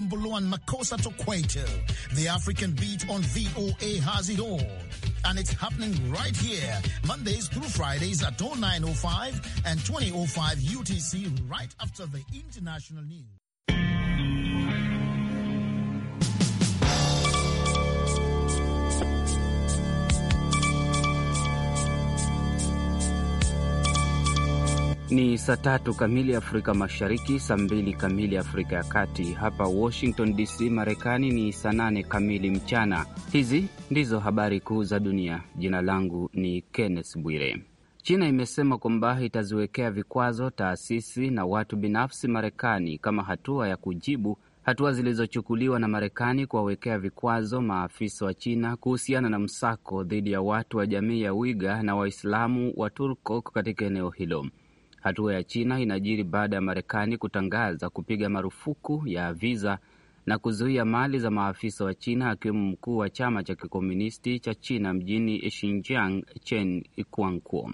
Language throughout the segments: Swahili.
Mbulu and to Tokweto. The African Beat on VOA has it all. And it's happening right here, Mondays through Fridays at 0905 and 2005 UTC, right after the international news. Ni saa tatu kamili Afrika Mashariki, saa mbili kamili Afrika ya Kati. Hapa Washington DC, Marekani ni saa nane kamili mchana. Hizi ndizo habari kuu za dunia. Jina langu ni Kenneth Bwire. China imesema kwamba itaziwekea vikwazo taasisi na watu binafsi Marekani kama hatua ya kujibu hatua zilizochukuliwa na Marekani kuwawekea vikwazo maafisa wa China kuhusiana na msako dhidi ya watu wa jamii ya Wiga na Waislamu wa Turko katika eneo hilo. Hatua ya China inajiri baada ya Marekani kutangaza kupiga marufuku ya viza na kuzuia mali za maafisa wa China akiwemo mkuu wa chama cha kikomunisti cha China mjini Xinjiang, Chen kuankuo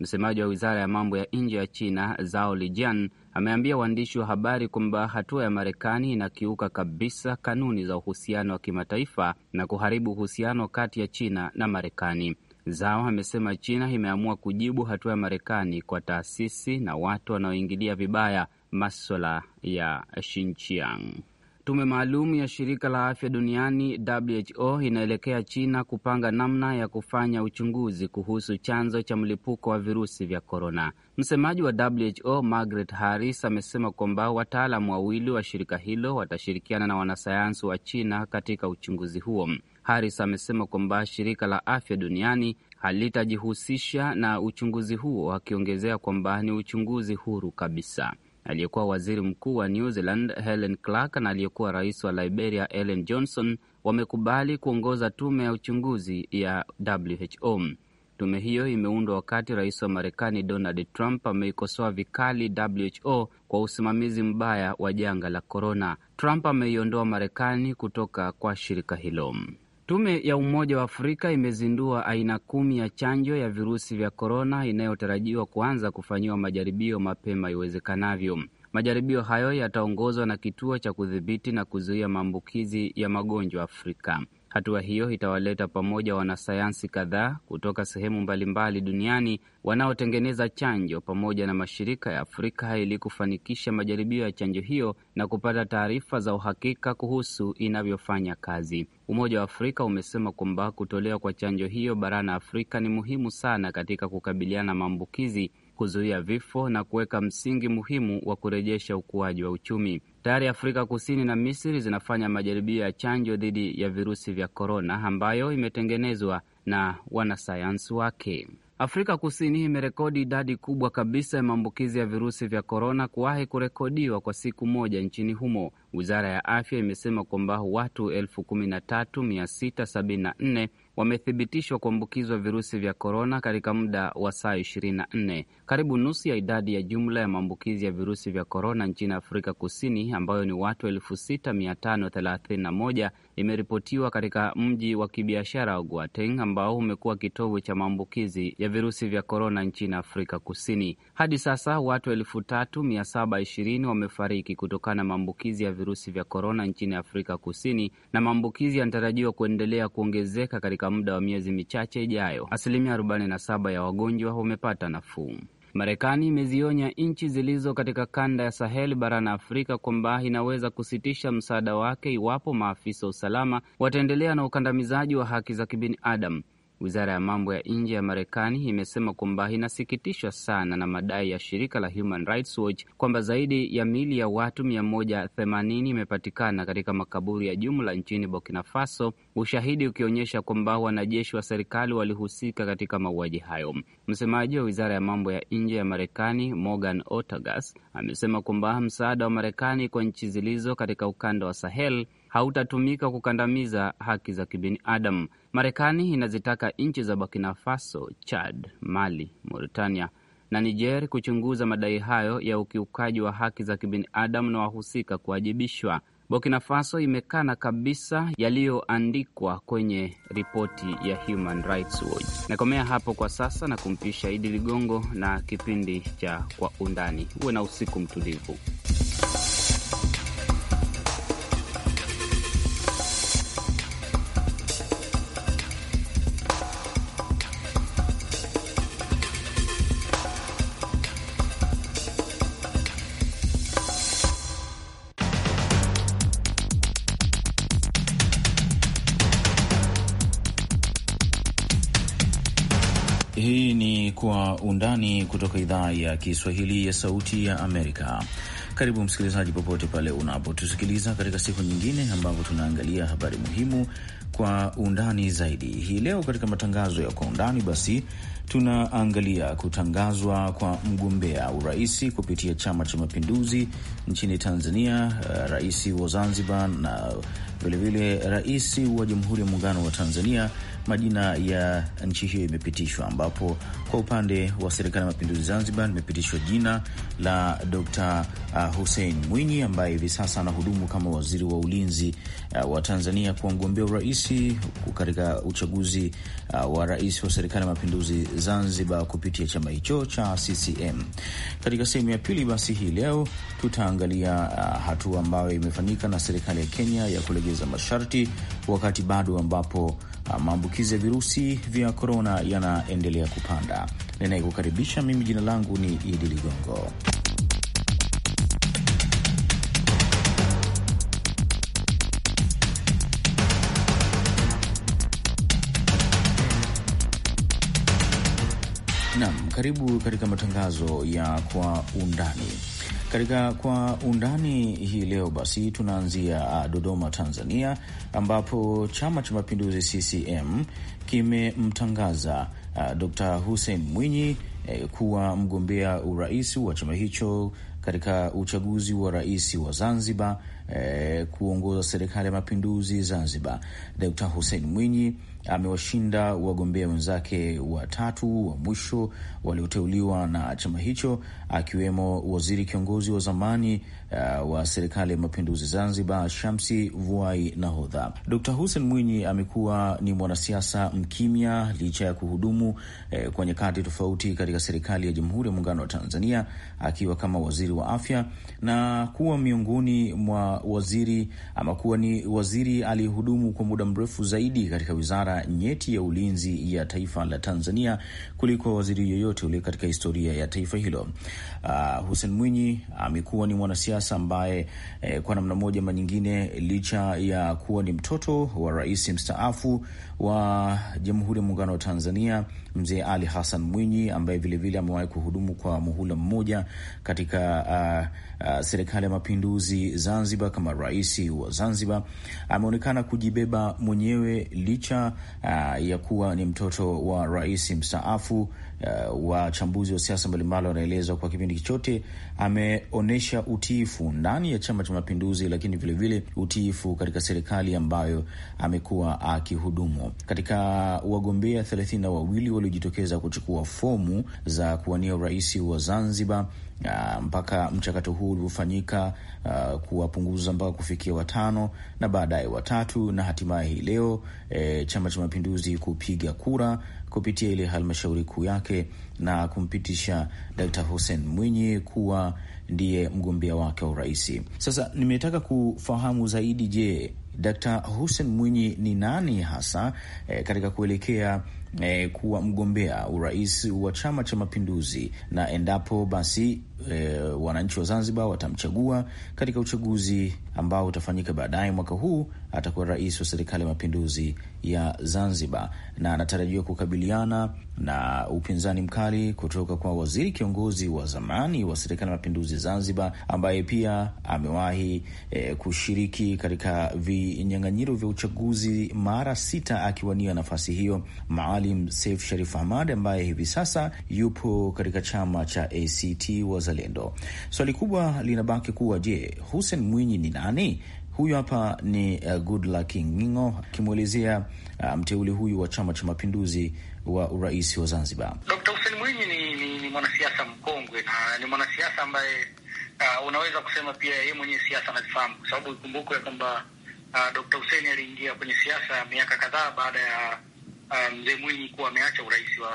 Msemaji wa wizara ya mambo ya nje ya China Zhao Lijian ameambia waandishi wa habari kwamba hatua ya Marekani inakiuka kabisa kanuni za uhusiano wa kimataifa na kuharibu uhusiano kati ya China na Marekani zao amesema China imeamua kujibu hatua ya Marekani kwa taasisi na watu wanaoingilia vibaya maswala ya Xinjiang. Tume maalum ya shirika la afya duniani WHO inaelekea China kupanga namna ya kufanya uchunguzi kuhusu chanzo cha mlipuko wa virusi vya korona. Msemaji wa WHO Margaret Harris amesema kwamba wataalamu wawili wa shirika hilo watashirikiana na wanasayansi wa China katika uchunguzi huo. Harris amesema kwamba shirika la afya duniani halitajihusisha na uchunguzi huo, akiongezea kwamba ni uchunguzi huru kabisa. Aliyekuwa waziri mkuu wa New Zealand Helen Clark na aliyekuwa rais wa Liberia Ellen Johnson wamekubali kuongoza tume ya uchunguzi ya WHO. Tume hiyo imeundwa wakati rais wa Marekani Donald Trump ameikosoa vikali WHO kwa usimamizi mbaya wa janga la korona. Trump ameiondoa Marekani kutoka kwa shirika hilo. Tume ya Umoja wa Afrika imezindua aina kumi ya chanjo ya virusi vya korona inayotarajiwa kuanza kufanyiwa majaribio mapema iwezekanavyo. Majaribio hayo yataongozwa na Kituo cha Kudhibiti na Kuzuia Maambukizi ya Magonjwa Afrika. Hatua hiyo itawaleta pamoja wanasayansi kadhaa kutoka sehemu mbalimbali duniani wanaotengeneza chanjo pamoja na mashirika ya Afrika ili kufanikisha majaribio ya chanjo hiyo na kupata taarifa za uhakika kuhusu inavyofanya kazi. Umoja wa Afrika umesema kwamba kutolewa kwa chanjo hiyo barani Afrika ni muhimu sana katika kukabiliana na maambukizi, kuzuia vifo na kuweka msingi muhimu wa kurejesha ukuaji wa uchumi. Tayari Afrika Kusini na Misri zinafanya majaribio ya chanjo dhidi ya virusi vya korona ambayo imetengenezwa na wanasayansi wake. Afrika Kusini imerekodi idadi kubwa kabisa ya maambukizi ya virusi vya korona kuwahi kurekodiwa kwa siku moja nchini humo. Wizara ya afya imesema kwamba watu 13674 wamethibitishwa kuambukizwa virusi vya korona katika muda wa saa 24. Karibu nusu ya idadi ya jumla ya maambukizi ya virusi vya korona nchini Afrika Kusini, ambayo ni watu 6531 imeripotiwa katika mji wa kibiashara wa Gauteng ambao umekuwa kitovu cha maambukizi ya virusi vya korona nchini Afrika Kusini. Hadi sasa watu 3720 wamefariki kutokana na maambukizi ya virusi vya korona nchini Afrika Kusini, na maambukizi yanatarajiwa kuendelea kuongezeka katika muda wa miezi michache ijayo. Asilimia 47 ya wagonjwa wamepata nafuu. Marekani imezionya nchi zilizo katika kanda ya Sahel barani Afrika kwamba inaweza kusitisha msaada wake iwapo maafisa wa usalama wataendelea na ukandamizaji wa haki za kibinadamu. Wizara ya mambo ya nje ya Marekani imesema kwamba inasikitishwa sana na madai ya shirika la Human Rights Watch kwamba zaidi ya mili ya watu 180 imepatikana katika makaburi ya jumla nchini Burkina Faso, ushahidi ukionyesha kwamba wanajeshi wa serikali walihusika katika mauaji hayo. Msemaji wa wizara ya mambo ya nje ya Marekani Morgan Otagas, amesema kwamba msaada wa Marekani kwa nchi zilizo katika ukanda wa Sahel hautatumika kukandamiza haki za kibinadamu. Marekani inazitaka nchi za Burkina Faso, Chad, Mali, Mauritania na Niger kuchunguza madai hayo ya ukiukaji wa haki za kibinadamu na wahusika kuwajibishwa. Burkina Faso imekana kabisa yaliyoandikwa kwenye ripoti ya Human Rights Watch. Nakomea hapo kwa sasa na kumpisha Idi Ligongo na kipindi cha Kwa Undani. Uwe na usiku mtulivu. undani kutoka idhaa ya Kiswahili ya Sauti ya Amerika. Karibu msikilizaji, popote pale unapotusikiliza katika siku nyingine ambapo tunaangalia habari muhimu kwa undani zaidi. Hii leo katika matangazo ya kwa undani, basi tunaangalia kutangazwa kwa mgombea uraisi kupitia Chama cha Mapinduzi nchini Tanzania, eh, rais wa Zanzibar na Vilevile rais wa Jamhuri ya Muungano wa Tanzania, majina ya nchi hiyo imepitishwa, ambapo kwa upande wa Serikali ya Mapinduzi Zanzibar imepitishwa jina la Dr uh, Hussein Mwinyi ambaye hivi sasa anahudumu kama waziri wa ulinzi uh, wa Tanzania kwa mgombea urais katika uchaguzi uh, wa rais wa Serikali ya Mapinduzi Zanzibar kupitia chama hicho cha CCM. Katika sehemu ya pili, basi hii leo tutaangalia hatua ambayo imefanyika na serikali ya Kenya ya kulegea kulegeza masharti wakati bado ambapo ah, maambukizi ya virusi vya korona yanaendelea kupanda. Ninayekukaribisha mimi jina langu ni Idi Ligongo. Naam, karibu katika matangazo ya kwa undani. Katika kwa undani hii leo basi, tunaanzia ah, Dodoma, Tanzania, ambapo Chama cha Mapinduzi CCM kimemtangaza uh, ah, Dr. Hussein Mwinyi eh, kuwa mgombea urais wa chama hicho katika uchaguzi wa rais wa Zanzibar eh, kuongoza serikali ya mapinduzi Zanzibar, Dkt. Hussein Mwinyi amewashinda wagombea wenzake watatu wa mwisho walioteuliwa na chama hicho, akiwemo waziri kiongozi wa zamani uh, wa serikali ya mapinduzi Zanzibar, Shamsi Vuai Nahodha. Dkt. Hussein Mwinyi amekuwa ni mwanasiasa mkimya licha ya kuhudumu eh, kwa nyakati tofauti katika serikali ya Jamhuri ya Muungano wa Tanzania, akiwa kama waziri wa afya na kuwa miongoni mwa waziri ama kuwa ni waziri aliyehudumu kwa muda mrefu zaidi katika wizara nyeti ya ulinzi ya taifa la Tanzania kuliko waziri yoyote ule katika historia ya taifa hilo. Uh, Hussein Mwinyi amekuwa ni mwanasiasa ambaye eh, kwa namna moja ama nyingine, licha ya kuwa ni mtoto wa rais mstaafu wa Jamhuri ya Muungano wa Tanzania Mzee Ali Hassan Mwinyi ambaye vilevile amewahi kuhudumu kwa muhula mmoja katika uh, uh, serikali ya mapinduzi Zanzibar kama rais wa Zanzibar ameonekana kujibeba mwenyewe licha uh, ya kuwa ni mtoto wa rais mstaafu uh, wachambuzi wa siasa mbalimbali wanaelezwa kwa kipindi chote ameonyesha utiifu ndani ya Chama cha Mapinduzi, lakini vilevile utiifu katika serikali ambayo amekuwa akihudumu. Katika wagombea thelathini na wawili waliojitokeza kuchukua fomu za kuwania urais wa Zanzibar uh, mpaka mchakato huu uliofanyika uh, ah, kuwapunguza mpaka kufikia watano na baadaye watatu na hatimaye hii leo eh, Chama cha Mapinduzi kupiga kura kupitia ile halmashauri kuu yake na kumpitisha Dkt. Hussein Mwinyi kuwa ndiye mgombea wake wa urais. Sasa nimetaka kufahamu zaidi, je, Dkt. Hussein Mwinyi ni nani hasa eh, katika kuelekea e, kuwa mgombea urais wa Chama cha Mapinduzi, na endapo basi e, wananchi wa Zanzibar watamchagua katika uchaguzi ambao utafanyika baadaye mwaka huu, atakuwa rais wa serikali ya mapinduzi ya Zanzibar, na anatarajiwa kukabiliana na upinzani mkali kutoka kwa waziri kiongozi wa zamani wa serikali ya mapinduzi Zanzibar, ambaye pia amewahi e, kushiriki katika vinyang'anyiro vya uchaguzi mara sita akiwania nafasi hiyo Maali Mwalimu Seif Sharif Ahmad ambaye hivi sasa yupo katika chama cha ACT Wazalendo. Swali kubwa linabaki kuwa je, Hussein Mwinyi ni nani? Huyu hapa ni uh, Goodluck Ngingo akimwelezea uh, mteuli huyu wa Chama cha Mapinduzi wa urais wa Zanzibar. Dr. Hussein Mwinyi ni, ni, ni mwanasiasa mkongwe na ni mwanasiasa ambaye uh, unaweza kusema pia yeye mwenyewe siasa anazifahamu, kwa sababu ikumbukwe kwamba uh, Dr. Hussein aliingia kwenye siasa miaka kadhaa baada ya Ah, mzee Mwinyi kuwa ameacha urais wa,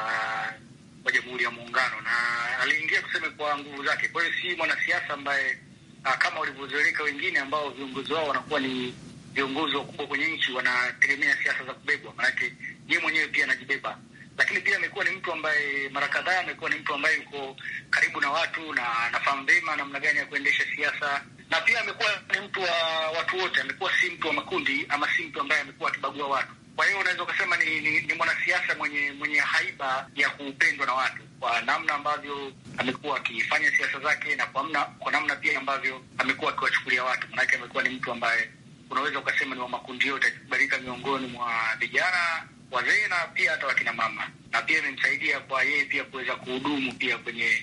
wa Jamhuri ya Muungano na aliingia kuseme kwa nguvu zake. Kwa hiyo si mwanasiasa ambaye ah, kama walivyozoeleka wengine ambao viongozi wao wanakuwa ni viongozi wakubwa kwenye nchi, wanategemea siasa za kubebwa, maanake yeye mwenyewe pia anajibeba lakini pia amekuwa ni mtu ambaye mara kadhaa amekuwa ni mtu ambaye yuko karibu na watu na anafahamu vema namna gani ya kuendesha siasa, na pia amekuwa ni mtu wa watu wote, amekuwa si mtu wa makundi ama si mtu ambaye amekuwa akibagua watu. Kwa hiyo unaweza ukasema ni mwenye mwenye haiba ya kupendwa na watu kwa namna ambavyo amekuwa akifanya siasa zake na kwa, mna, kwa namna pia ambavyo amekuwa akiwachukulia watu. manake amekuwa ni mtu ambaye unaweza ukasema ni wa makundi yote, akikubalika miongoni mwa vijana, wazee na pia hata wakina mama, na pia imemsaidia kwa yeye pia kuweza kuhudumu pia kwenye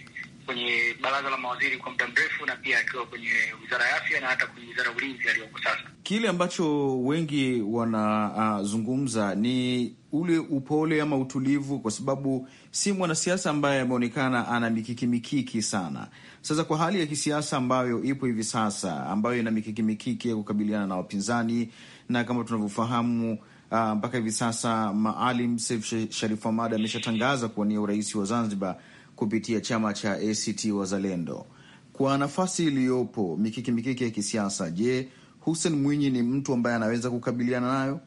kwenye baraza la mawaziri kwa muda mrefu, na pia akiwa kwenye wizara ya afya na hata kwenye wizara ya ulinzi aliyoko sasa. Kile ambacho wengi wanazungumza uh, ni ule upole ama utulivu, kwa sababu si mwanasiasa ambaye ameonekana ana mikiki mikiki sana. Sasa kwa hali ya kisiasa ambayo ipo hivi sasa, ambayo ina mikiki mikiki ya kukabiliana na wapinzani, na kama tunavyofahamu ah, mpaka uh, hivi sasa Maalim Seif Sharif Hamad ameshatangaza kuwania urais wa Zanzibar kupitia chama cha ACT Wazalendo. Kwa nafasi iliyopo mikiki mikiki ya kisiasa, je, Hussein Mwinyi ni mtu ambaye anaweza kukabiliana nayo?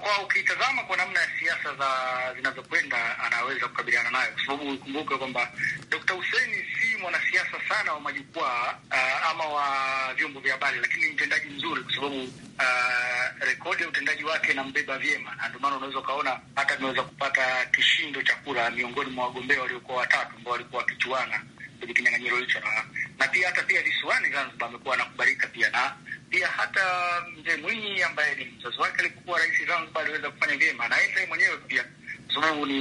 Kwa ukitazama kwa namna ya siasa za zinazokwenda, anaweza kukabiliana nayo, kwa sababu ukumbuke kwamba Dkt. Hussein wanasiasa sana wa majukwaa uh, ama wa vyombo vya habari, lakini mtendaji mzuri, kwa sababu uh, rekodi ya utendaji wake inambeba vyema, na ndio maana unaweza ukaona hata ameweza kupata kishindo cha kura miongoni mwa wagombea waliokuwa watatu ambao walikuwa wakichuana kwenye kinyang'anyiro hicho, na na pia hata pia visiwani Zanzibar amekuwa anakubalika pia na pia hata mzee Mwinyi ambaye ni mzazi wake alikuwa rais Zanzibar aliweza kufanya vyema, na yeye mwenyewe pia, kwa sababu ni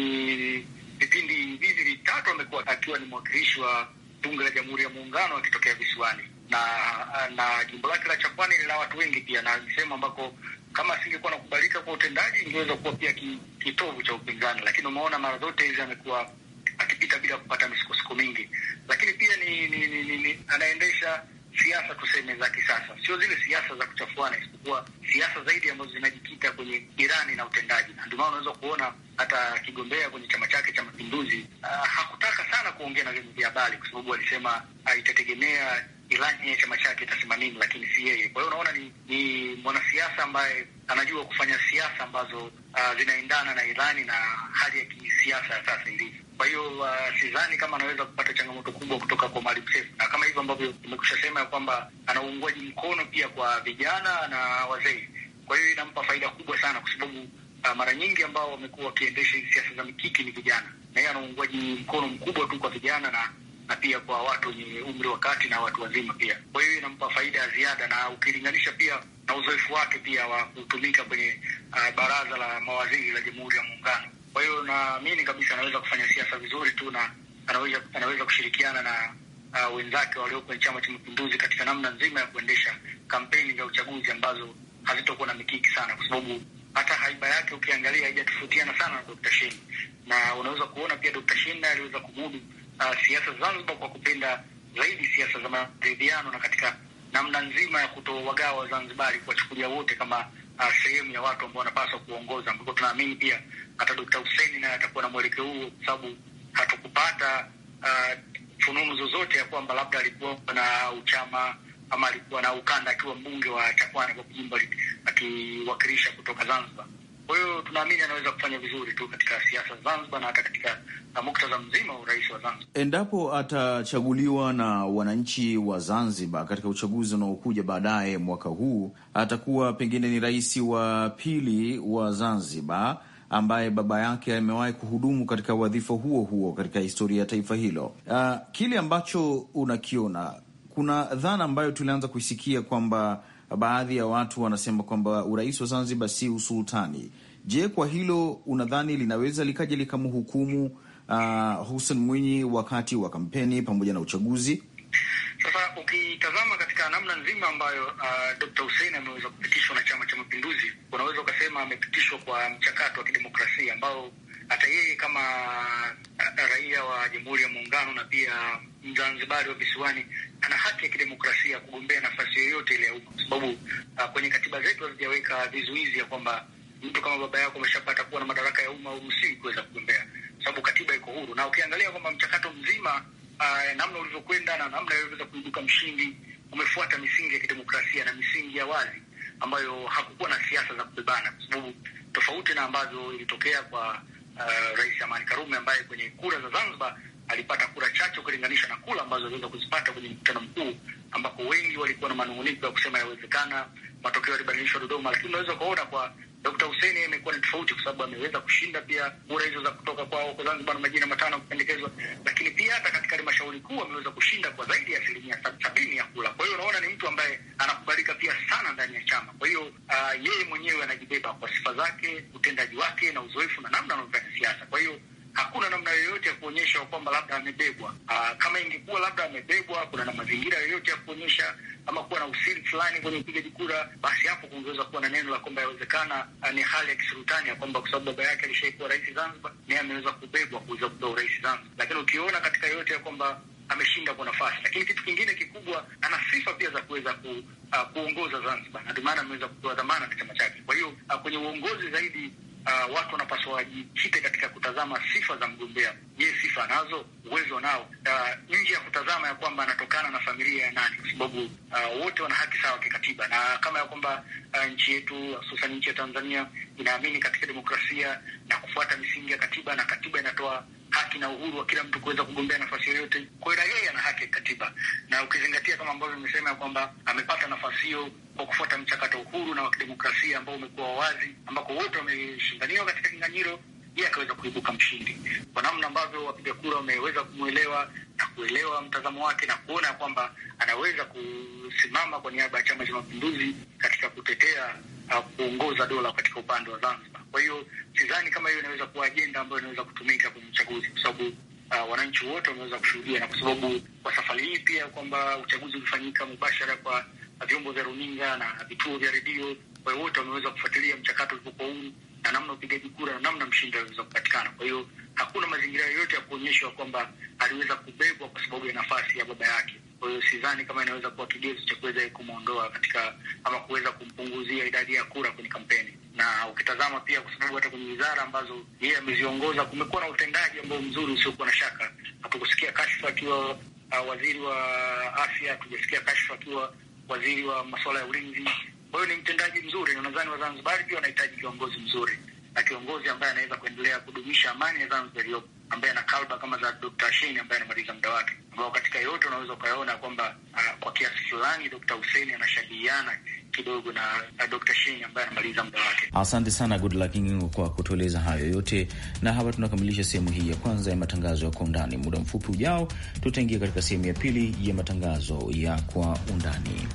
vipindi hivi vitatu amekuwa akiwa ni mwakilishi wa bunge la Jamhuri ya Muungano akitokea visiwani na na jimbo lake la Chakwani lina watu wengi pia, na sehemu ambako kama singekuwa nakubalika kwa utendaji ingeweza kuwa pia kitovu cha upinzani, lakini umeona mara zote hizi amekuwa akipita bila kupata misukosuko mingi, lakini pia ni, ni, ni, ni, anaendesha siasa tuseme za kisasa, sio zile siasa za kuchafuana, isipokuwa siasa zaidi ambazo zinajikita kwenye irani na utendaji, na ndio maana unaweza kuona hata akigombea kwenye chama chake cha Mapinduzi uh, hakutaka sana kuongea na vyombo vya habari kwa sababu alisema uh, ah, itategemea ilani ya chama chake itasema nini, lakini si yeye. Kwa hiyo unaona ni, ni mwanasiasa ambaye anajua kufanya siasa ambazo uh, zinaendana na irani na hali ya kisiasa ya sasa ilivyo. Kwa hiyo uh, sidhani kama anaweza kupata changamoto kubwa kutoka kwa Maalim Seif, na kama hivyo ambavyo tumekusha sema ya kwamba ana uungwaji mkono pia kwa vijana na wazee. Kwa hiyo inampa faida kubwa sana, kwa sababu uh, mara nyingi ambao wamekuwa wakiendesha siasa za mikiki ni vijana, na yeye ana uungwaji mkono mkubwa tu kwa vijana na na pia kwa watu wenye umri wa kati na watu wazima pia. Kwa hiyo inampa faida ya ziada, na ukilinganisha pia na uzoefu wake pia wa kutumika kwenye uh, baraza la mawaziri la Jamhuri ya Muungano kwa hiyo naamini kabisa anaweza kufanya siasa vizuri tu na anaweza, anaweza kushirikiana na uh, wenzake walio kwenye Chama cha Mapinduzi katika namna nzima ya kuendesha kampeni za uchaguzi ambazo hazitokuwa na mikiki sana, kwa sababu hata haiba yake ukiangalia haijatofautiana sana na Dr. Shein, na unaweza kuona pia Dr. Shein naye aliweza kumudu uh, siasa za Zanzibar kwa kupenda zaidi siasa za maridhiano na katika namna nzima ya kutowagawa Wazanzibari, kuwachukulia wote kama uh, sehemu ya watu ambao wanapaswa kuongoza, ambapo tunaamini pia hata Dkt. huseni naye atakuwa na mwelekeo huo, kwa sababu hatukupata uh, fununu zozote ya kwamba labda alikuwa na uchama ama alikuwa na ukanda akiwa mbunge wa Chakwani kwa jimbo akiwakilisha kutoka Zanzibar. Kwa hiyo tunaamini anaweza kufanya vizuri tu katika siasa za Zanzibar na hata katika muktadha mzima wa urais wa Zanzibar endapo atachaguliwa na wananchi wa Zanzibar katika uchaguzi unaokuja baadaye mwaka huu. Atakuwa pengine ni rais wa pili wa Zanzibar ambaye baba yake amewahi kuhudumu katika wadhifa huo huo katika historia ya taifa hilo. Uh, kile ambacho unakiona, kuna dhana ambayo tulianza kuisikia kwamba baadhi ya watu wanasema kwamba urais wa Zanzibar si usultani. Je, kwa hilo unadhani linaweza likaja likamhukumu uh, Hussein Mwinyi wakati wa kampeni pamoja na uchaguzi? Sasa ukitazama katika namna nzima ambayo uh, ah, Dkt. Hussein ameweza kupitishwa na Chama cha Mapinduzi, unaweza ukasema amepitishwa kwa mchakato wa kidemokrasia ambao hata yeye kama ah, raia wa Jamhuri ya Muungano na pia Mzanzibari wa visiwani ana haki ya kidemokrasia ya kugombea nafasi yoyote ile ya umma, kwa sababu uh, kwenye katiba zetu hazijaweka vizuizi ya kwamba mtu kama baba yako ameshapata kuwa na madaraka ya umma au msingi kuweza kugombea, sababu katiba iko huru. Na ukiangalia kwamba mchakato mzima uh, namna ulivyokwenda na namna ilivyoweza kuibuka mshindi umefuata misingi ya kidemokrasia na misingi ya wazi ambayo hakukuwa na siasa za kubebana, kwa sababu tofauti na ambazo ilitokea kwa uh, Rais Amani Karume ambaye kwenye kura za Zanzibar alipata kura chache ukilinganisha na kura ambazo aliweza kuzipata kwenye mkutano mkuu, ambapo wengi walikuwa na manunguniko ya kusema yawezekana matokeo yalibadilishwa Dodoma, lakini unaweza ukaona kwa d Hussein amekuwa ni tofauti kwa sababu ameweza kushinda pia kura hizo za kutoka kwao kwa Zanzibar na majina matano kupendekezwa, lakini pia hata katika halmashauri kuu ameweza kushinda kwa zaidi ya asilimia sabini ya kura. Kwa hiyo unaona ni mtu ambaye anakubalika pia sana ndani ya chama. Kwa hiyo uh, yeye mwenyewe anajibeba kwa sifa zake, utendaji wake na uzoefu na namna anavyofanya siasa. Kwa hiyo hakuna namna yoyote ya kuonyesha kwamba labda amebebwa. Ah, kama ingekuwa labda amebebwa, kuna na mazingira yoyote ya kuonyesha ama kuwa na usiri fulani kwenye upigaji kura, basi hapo kungeweza kuwa na neno la kwamba yawezekana ah, ni hali ya kisultani ya kwamba kwa sababu baba yake alishaikuwa rais Zanzibar, naye ameweza kubebwa kuweza kupewa urais Zanzibar. Lakini ukiona katika yote ya kwamba ameshinda kwa nafasi, lakini kitu kingine kikubwa, ana sifa pia za kuweza ku, uh, kuongoza Zanzibar na ndio maana ameweza kupewa dhamana na chama chake. Kwa hiyo uh, kwenye uongozi zaidi uh, watu wanapaswa wajikite katika kutazama sifa za mgombea. Je, sifa anazo? Uwezo nao? Uh, ah, nje ya kutazama ya kwamba anatokana na familia ya nani, kwa sababu uh, wote wana haki sawa kikatiba, na kama ya kwamba uh, nchi yetu hususan nchi ya Tanzania inaamini katika demokrasia na kufuata misingi ya katiba, na katiba inatoa haki na uhuru wa kila mtu kuweza kugombea nafasi yoyote. Kwa hiyo na yeye ana haki ya kikatiba, na ukizingatia kama ambavyo nimesema ya kwamba amepata nafasi hiyo kwa kufuata mchakato uhuru na wa kidemokrasia ambao umekuwa wazi, ambako wote wameshindaniwa katika kinyang'anyiro, yeye akaweza kuibuka mshindi kwa namna ambavyo wapiga kura wameweza kumwelewa na kuelewa mtazamo wake na kuona kwamba anaweza kusimama kwa niaba ya Chama cha Mapinduzi katika kutetea uh, kuongoza dola katika upande wa Zanzibar. Kwa hiyo sidhani kama hiyo inaweza kuwa ajenda ambayo inaweza kutumika kwenye uchaguzi, kwa sababu uh, wananchi wote wameweza kushuhudia, na kwa sababu kwa safari hii pia kwamba uchaguzi ulifanyika mubashara kwa vyombo vya runinga na vituo vya redio, kwa hiyo wote wameweza kufuatilia mchakato ulivyokuwa huu na namna upigaji kura na namna mshindi aliweza kupatikana. Kwa hiyo hakuna mazingira yoyote ya kuonyeshwa kwamba aliweza kubebwa kwa sababu ya nafasi ya baba yake. Kwa hiyo sidhani kama inaweza kuwa kigezo cha kuweza kumwondoa katika ama kuweza kumpunguzia idadi ya kura kwenye kampeni. Na ukitazama pia, kwa sababu hata kwenye wizara ambazo yeye ameziongoza kumekuwa na utendaji ambao mzuri usiokuwa na shaka. Hatukusikia kashfa akiwa uh, waziri wa afya, hatujasikia kashfa akiwa waziri wa masuala ya ulinzi. Kwa hiyo ni mtendaji mzuri, na nadhani Wazanzibari pia wanahitaji kiongozi mzuri na kiongozi ambaye anaweza kuendelea kudumisha amani ya Zanzibar iliyopo ambaye ana kalba kama za Dr. Shein ambaye anamaliza muda wake, ambao katika yote unaweza ukaona kwamba uh, kwa kiasi fulani Dr. Hussein anashabihiana kidogo na uh, Dr. Shein ambaye anamaliza muda wake. Asante sana Goodluck Ngingo kwa kutueleza hayo yote, na hapa tunakamilisha sehemu hii ya kwanza ya matangazo ya kwa undani. Muda mfupi ujao, tutaingia katika sehemu ya pili ya matangazo ya kwa undani.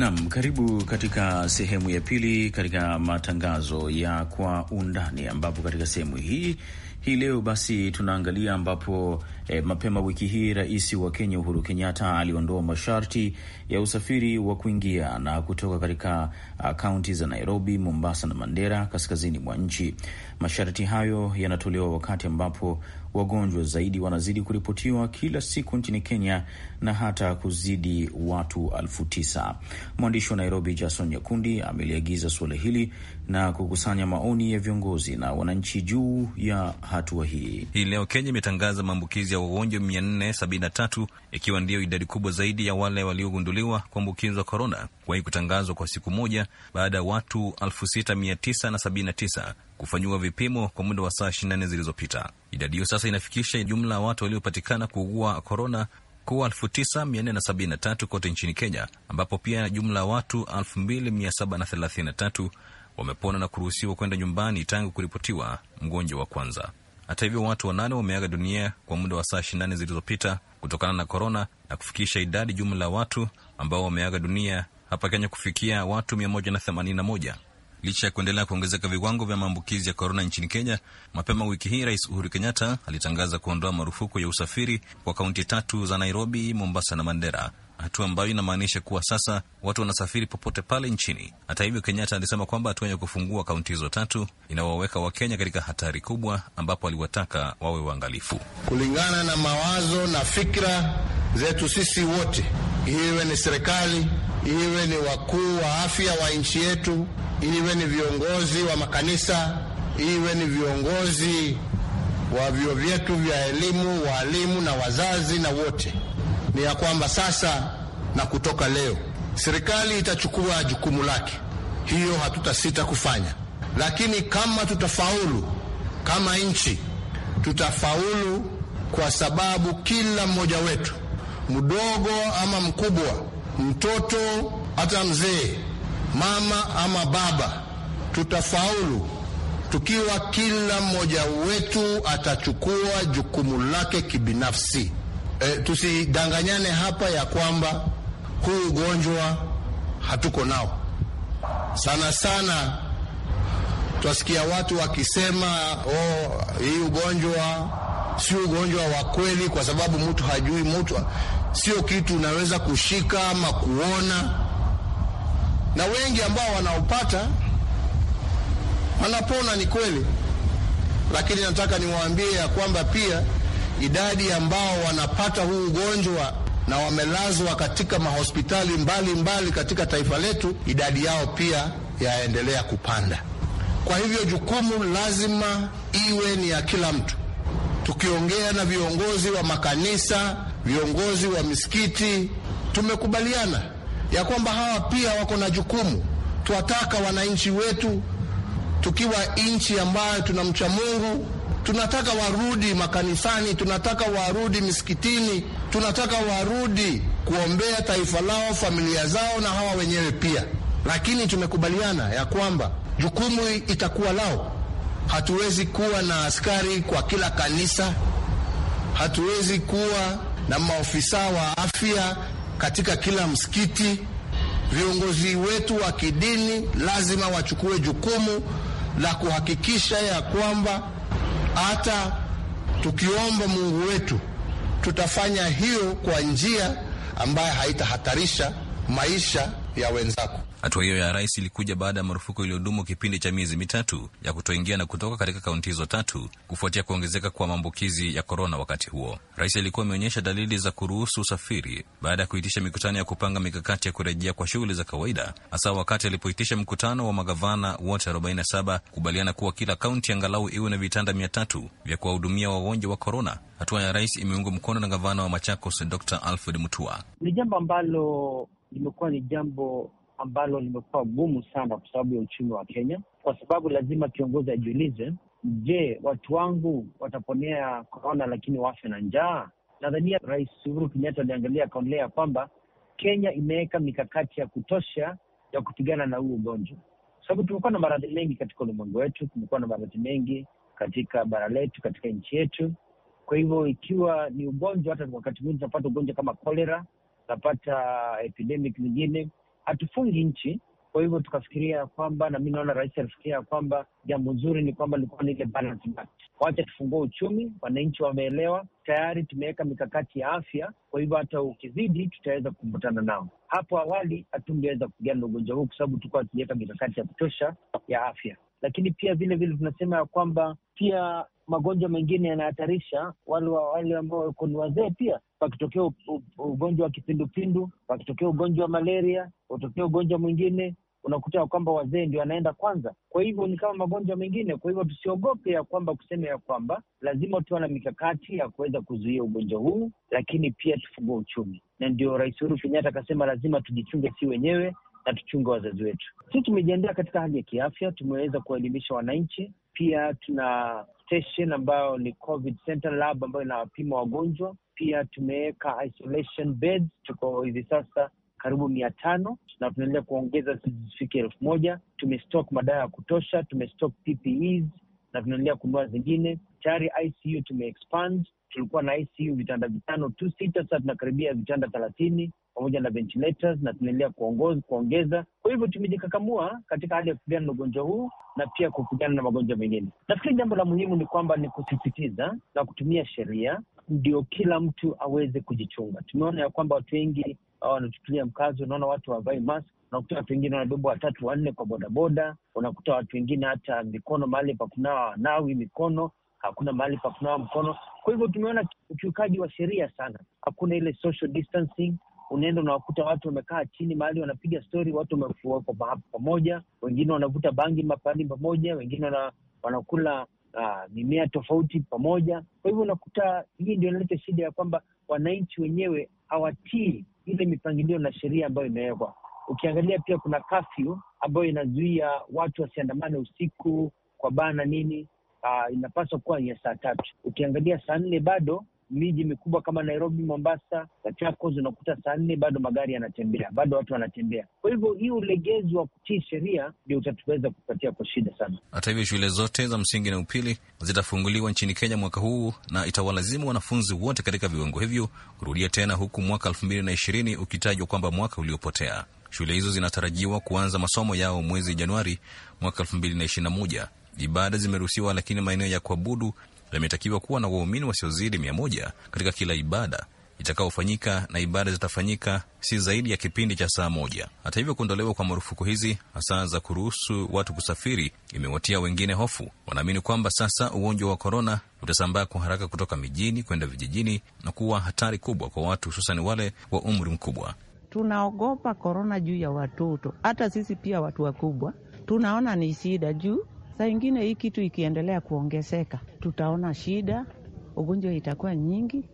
Nam, karibu katika sehemu ya pili katika matangazo ya kwa undani, ambapo katika sehemu hii hii leo basi tunaangalia ambapo e, mapema wiki hii rais wa Kenya Uhuru Kenyatta aliondoa masharti ya usafiri wa kuingia na kutoka katika ah, kaunti za Nairobi, Mombasa na Mandera kaskazini mwa nchi. Masharti hayo yanatolewa wakati ambapo wagonjwa zaidi wanazidi kuripotiwa kila siku nchini Kenya na hata kuzidi watu elfu tisa. Mwandishi wa Nairobi Jason Nyakundi ameliagiza suala hili na kukusanya maoni ya viongozi na wananchi juu ya hatua hii. Hii leo Kenya imetangaza maambukizi ya wagonjwa 473 ikiwa ndiyo idadi kubwa zaidi ya wale waliogunduliwa kuambukizwa korona kuwahi kutangazwa kwa siku moja baada ya watu 6979 kufanyiwa vipimo kwa muda wa saa 24 zilizopita. Idadi hiyo sasa inafikisha jumla ya watu waliopatikana kuugua korona kuwa 9473 kote nchini Kenya, ambapo pia jumla ya watu 2733 wamepona na kuruhusiwa kwenda nyumbani tangu kuripotiwa mgonjwa wa kwanza. Hata hivyo, watu wanane wameaga dunia kwa muda wa saa 24 zilizopita kutokana na korona na kufikisha idadi jumla ya watu ambao wameaga dunia hapa Kenya kufikia watu 181 licha ya kuendelea kuongezeka viwango vya maambukizi ya korona nchini Kenya. Mapema wiki hii, Rais Uhuru Kenyatta alitangaza kuondoa marufuku ya usafiri kwa kaunti tatu za Nairobi, Mombasa na Mandera, hatua ambayo inamaanisha kuwa sasa watu wanasafiri popote pale nchini. Hata hivyo, Kenyatta alisema kwamba hatua ya kufungua kaunti hizo tatu inawaweka Wakenya katika hatari kubwa, ambapo aliwataka wawe waangalifu kulingana na mawazo na fikra zetu sisi wote, iwe ni serikali iwe ni wakuu wa afya wa nchi yetu, iwe ni viongozi wa makanisa, iwe ni viongozi wa vyuo vyetu vya elimu, waalimu na wazazi na wote, ni ya kwamba sasa na kutoka leo serikali itachukua jukumu lake. Hiyo hatutasita kufanya, lakini kama tutafaulu kama nchi, tutafaulu kwa sababu kila mmoja wetu mdogo ama mkubwa mtoto hata mzee, mama ama baba, tutafaulu tukiwa kila mmoja wetu atachukua jukumu lake kibinafsi. E, tusidanganyane hapa ya kwamba huu ugonjwa hatuko nao. Sana sana twasikia watu wakisema oh, hii ugonjwa si ugonjwa wa kweli, kwa sababu mtu hajui mtu sio kitu unaweza kushika ama kuona, na wengi ambao wanaopata wanapona, ni kweli, lakini nataka niwaambie ya kwamba pia idadi ambao wanapata huu ugonjwa na wamelazwa katika mahospitali mbalimbali mbali katika taifa letu, idadi yao pia yaendelea kupanda. Kwa hivyo jukumu lazima iwe ni ya kila mtu. Tukiongea na viongozi wa makanisa viongozi wa misikiti tumekubaliana ya kwamba hawa pia wako na jukumu. Twataka wananchi wetu, tukiwa nchi ambayo tunamcha Mungu, tunataka warudi makanisani, tunataka warudi misikitini, tunataka warudi kuombea taifa lao, familia zao na hawa wenyewe pia. Lakini tumekubaliana ya kwamba jukumu itakuwa lao. Hatuwezi kuwa na askari kwa kila kanisa, hatuwezi kuwa na maofisa wa afya katika kila msikiti. Viongozi wetu wa kidini lazima wachukue jukumu la kuhakikisha ya kwamba hata tukiomba Mungu wetu tutafanya hiyo kwa njia ambayo haitahatarisha maisha ya wenzako. Hatua hiyo ya rais ilikuja baada ya marufuku iliyodumu kipindi cha miezi mitatu ya kutoingia na kutoka katika kaunti hizo tatu kufuatia kuongezeka kwa maambukizi ya korona. Wakati huo rais alikuwa ameonyesha dalili za kuruhusu usafiri baada ya kuitisha mikutano ya kupanga mikakati ya kurejea kwa shughuli za kawaida, hasa wakati alipoitisha mkutano wa magavana wote 47 kubaliana kuwa kila kaunti angalau iwe na vitanda mia tatu vya kuwahudumia wagonjwa wa korona. Hatua ya rais imeungwa mkono na gavana wa Machakos Dr Alfred Mutua. Ni jambo ambalo limekuwa ni jambo ambalo limekuwa gumu sana kwa sababu ya uchumi wa Kenya, kwa sababu lazima kiongozi ajiulize, je, watu wangu wataponea korona lakini wafe na njaa? Nadhania Rais Uhuru Kenyatta aliangalia akaonelea ya kwamba Kenya imeweka mikakati ya kutosha ya kupigana na huu ugonjwa, kwa sababu tumekuwa na maradhi mengi katika ulimwengu wetu, tumekuwa na maradhi mengi katika bara letu, katika nchi yetu. Kwa hivyo ikiwa ni ugonjwa, hata wakati mwingi tunapata ugonjwa kama kolera tutapata epidemic nyingine, hatufungi nchi. Kwa hivyo tukafikiria kwamba, na mi naona rais alifikiria ya kwamba jambo nzuri ni kwamba likuwa na ile balance back, wacha tufungue uchumi, wananchi wameelewa tayari, tumeweka mikakati ya afya. Kwa hivyo hata ukizidi, tutaweza kukumbutana nao. Hapo awali hatungeweza kupigana na ugonjwa huu, kwa sababu tulikuwa tukiweka mikakati ya kutosha ya afya, lakini pia vile vile tunasema ya kwamba pia magonjwa mengine yanahatarisha wale wale ambao ni wazee pia, pakitokea ugonjwa wa kipindupindu, pakitokea ugonjwa wa malaria, utokea ugonjwa mwingine unakuta kwamba wazee ndio wanaenda kwanza. Kwa hivyo ni kama magonjwa mengine. Kwa hivyo tusiogope ya kwamba kusema ya kwamba lazima tuwa na mikakati ya kuweza kuzuia ugonjwa huu, lakini pia tufungue uchumi, na ndio Rais Uhuru Kenyatta akasema lazima tujichunge si wenyewe na tuchunge wazazi wetu. Sisi tumejiandaa katika hali ya kiafya, tumeweza kuwaelimisha wananchi, pia tuna station ambayo ni COVID Center Lab ambayo inawapima wagonjwa. Pia tumeweka isolation beds, tuko hivi sasa karibu mia tano na tunaendelea kuongeza zifike elfu moja. Tumestock madawa ya kutosha, tumestock PPEs na tunaendelea kunua zingine. Tayari ICU tumeexpand, tulikuwa na ICU vitanda vitano tu sita, sasa tunakaribia vitanda thelathini pamoja na ventilators, na tunaendelea kuongeza. Kwa hivyo tumejikakamua katika hali ya kupigana na ugonjwa huu na pia kupigana na magonjwa mengine. Nafikiri jambo la muhimu ni kwamba ni kusisitiza na kutumia sheria ndio kila mtu aweze kujichunga. Tumeona ya kwamba watu wengi ah, wanatutulia mkazo, unaona watu wavai mask unakuta watu wengine wanabeba watatu wanne kwa bodaboda, unakuta watu wengine hata mikono mahali pa kunawa wanawi mikono, hakuna mahali pa kunawa mkono. Kwa hivyo tumeona ukiukaji wa sheria sana, hakuna ile social distancing, unaenda unawakuta watu wamekaa chini mahali wanapiga stori, watu hapo pamoja, wengine wanavuta bangi mapahali pamoja, wengine wana, wanakula uh, mimea tofauti pamoja. Kwa hivyo unakuta hii ndio inaleta shida ya kwamba wananchi wenyewe hawatii ile mipangilio na sheria ambayo imewekwa. Ukiangalia pia kuna kafyu ambayo inazuia watu wasiandamane usiku kwa bana na nini. Uh, inapaswa kuwa ya saa tatu. Ukiangalia saa nne bado miji mikubwa kama Nairobi, Mombasa, Machakos, unakuta saa nne bado magari yanatembea, bado watu wanatembea. Kwa hivyo hii ulegezi wa kutii sheria ndio utatuweza kupatia kwa shida sana. Hata hivyo, shule zote za msingi na upili zitafunguliwa nchini Kenya mwaka huu na itawalazimu wanafunzi wote katika viwango hivyo kurudia tena, huku mwaka elfu mbili na ishirini ukitajwa kwamba mwaka uliopotea. Shule hizo zinatarajiwa kuanza masomo yao mwezi Januari mwaka elfu mbili na ishirini na moja. Ibada zimeruhusiwa, lakini maeneo ya kuabudu limetakiwa kuwa na waumini wasiozidi mia moja katika kila ibada itakaofanyika na ibada zitafanyika si zaidi ya kipindi cha saa moja. Hata hivyo, kuondolewa kwa marufuku hizi hasa za kuruhusu watu kusafiri imewatia wengine hofu. Wanaamini kwamba sasa ugonjwa wa korona utasambaa kwa haraka kutoka mijini kwenda vijijini na kuwa hatari kubwa kwa watu, hususan wale wa umri mkubwa. Tunaogopa korona juu ya watoto, hata sisi pia watu wakubwa tunaona ni shida juu Saa ingine hii kitu ikiendelea kuongezeka, tutaona shida, ugonjwa itakuwa nyingi,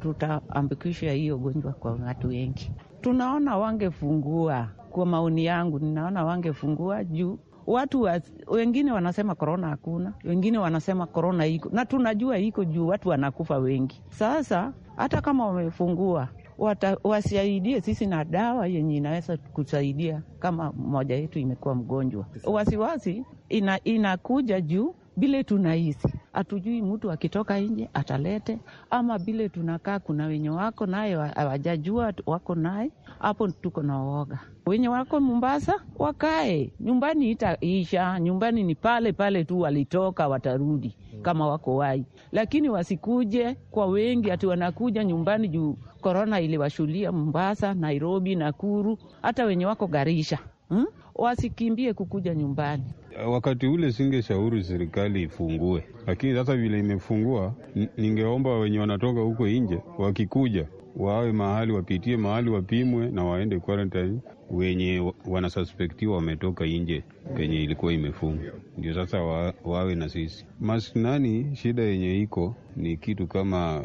tutaambukisha hii ugonjwa kwa watu wengi. Tunaona wangefungua, kwa maoni yangu ninaona wangefungua juu watu wa, wengine wanasema korona hakuna, wengine wanasema korona iko, na tunajua iko juu watu wanakufa wengi. Sasa hata kama wamefungua wata, wasiaidie sisi na dawa yenye inaweza kusaidia kama mmoja yetu imekuwa mgonjwa. Wasiwasi ina, inakuja juu bile tunahisi, hatujui mtu akitoka nje atalete ama bile tunakaa. Kuna wenye wako naye hawajajua wako naye hapo, tuko na uoga. Wenye wako Mombasa wakae nyumbani, itaisha nyumbani, ni pale pale tu walitoka, watarudi kama wako wai, lakini wasikuje kwa wengi, ati wanakuja nyumbani juu korona iliwashulia Mombasa, Nairobi, Nakuru, hata wenye wako Garisha hmm? Wasikimbie kukuja nyumbani. Wakati ule singeshauri serikali ifungue, lakini sasa vile imefungua, ningeomba wenye wanatoka huko nje wakikuja wawe mahali wapitie mahali wapimwe na waende quarantine. Wenye wanasuspektiwa wametoka nje penye ilikuwa imefungwa, ndio sasa wa, wawe na sisi masinani Shida yenye iko ni kitu kama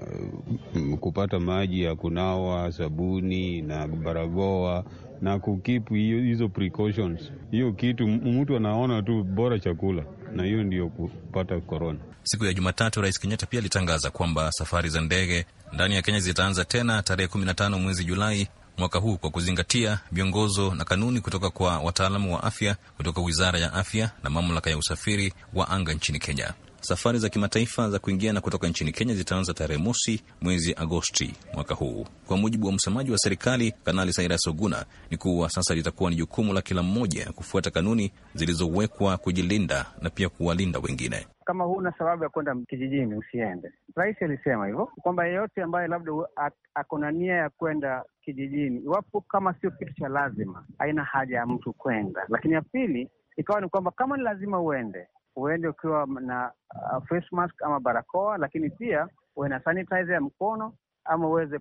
kupata maji ya kunawa, sabuni na baragoa na kukipu hizo precautions. Hiyo kitu mtu anaona tu bora chakula na hiyo ndiyo kupata korona. Siku ya Jumatatu, Rais Kenyatta pia alitangaza kwamba safari za ndege ndani ya Kenya zitaanza tena tarehe 15 mwezi Julai mwaka huu kwa kuzingatia miongozo na kanuni kutoka kwa wataalamu wa afya kutoka Wizara ya Afya na Mamlaka ya Usafiri wa Anga nchini Kenya. Safari za kimataifa za kuingia na kutoka nchini Kenya zitaanza tarehe mosi mwezi Agosti mwaka huu. Kwa mujibu wa msemaji wa serikali Kanali Sairas Oguna, ni kuwa sasa litakuwa ni jukumu la kila mmoja kufuata kanuni zilizowekwa kujilinda na pia kuwalinda wengine. Kama huna sababu ya kwenda kijijini usiende. Rais alisema hivyo kwamba yeyote ambaye labda ako na nia ya kwenda kijijini, iwapo kama sio kitu cha lazima, haina haja ya mtu kwenda. Lakini ya pili ikawa ni kwamba kama ni lazima uende uende ukiwa na uh, face mask ama barakoa, lakini pia uwe na sanitizer ya mkono ama uweze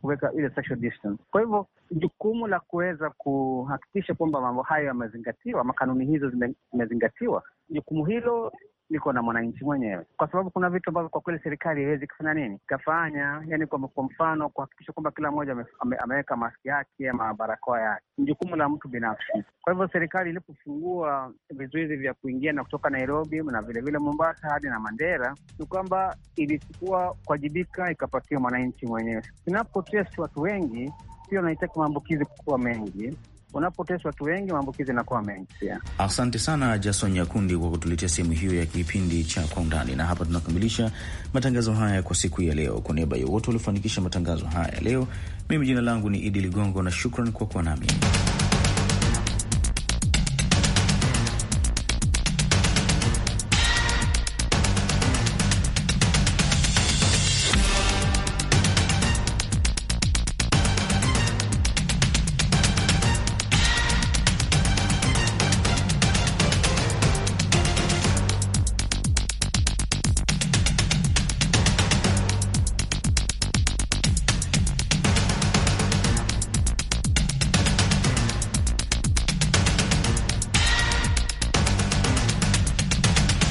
kuweka ile social distance. Kwa hivyo jukumu la kuweza kuhakikisha kwamba mambo hayo yamezingatiwa ama kanuni hizo zimezingatiwa, jukumu hilo niko na mwananchi mwenyewe, kwa sababu kuna vitu ambavyo kwa kweli serikali haiwezi kufanya nini ikafanya, yani kwa mfano kuhakikisha kwamba kila mmoja ameweka maski yake ama barakoa yake, ni jukumu la mtu binafsi. Kwa hivyo serikali ilipofungua vizuizi vya kuingia na kutoka Nairobi na vilevile Mombasa hadi na Mandera, ni kwamba ilichukua kuwajibika ikapatia mwananchi mwenyewe. Tunapotresi watu wengi, pia unahitaji maambukizi kuwa mengi unapoteswa watu wengi, maambukizi yanakuwa mengi pia. Asante sana Jason Nyakundi kwa kutuletea sehemu hiyo ya kipindi cha Kwa Undani, na hapa tunakamilisha matangazo haya kwa siku ya leo. Kwa niaba ya wote waliofanikisha matangazo haya ya leo, mimi jina langu ni Idi Ligongo na shukran kwa kuwa nami.